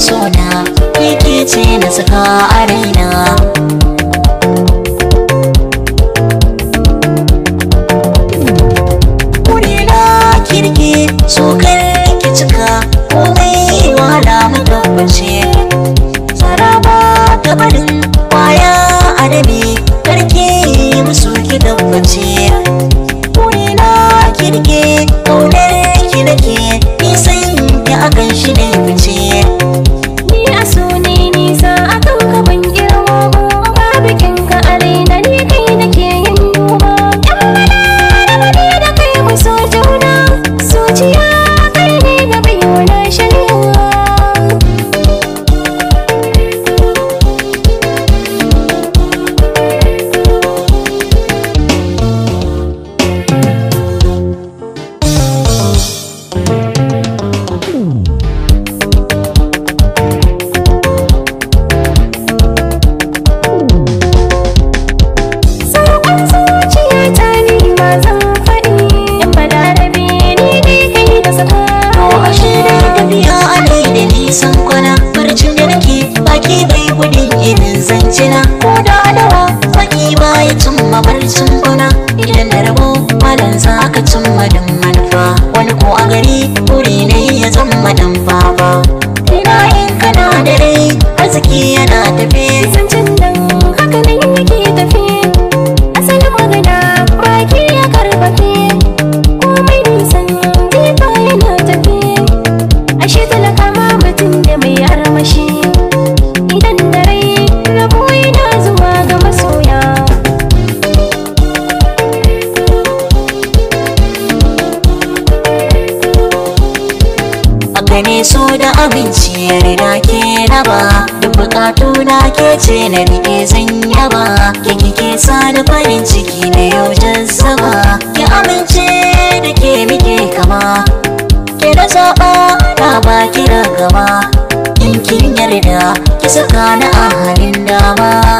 sona yake ce na saka a raina kurina kirki so ki cika komai wahala mu tabbace tsara gabarin kwaya adabi karki musu ki tabbace ka cimma manufa wani ko a gari buri ne ya zama dan baba ina in kana da rai arziki yana tafe zancen nan haka nan yake tafe asalin magana baki ya karbafe gane so da abinci yarda ke raba duk bukatu na ke ce na rike zan yaba ke kike sa da farin ciki na yau sama ki amince da ke muke kama ke da zaba na baki da gama in kin yarda ki saka na a halin dama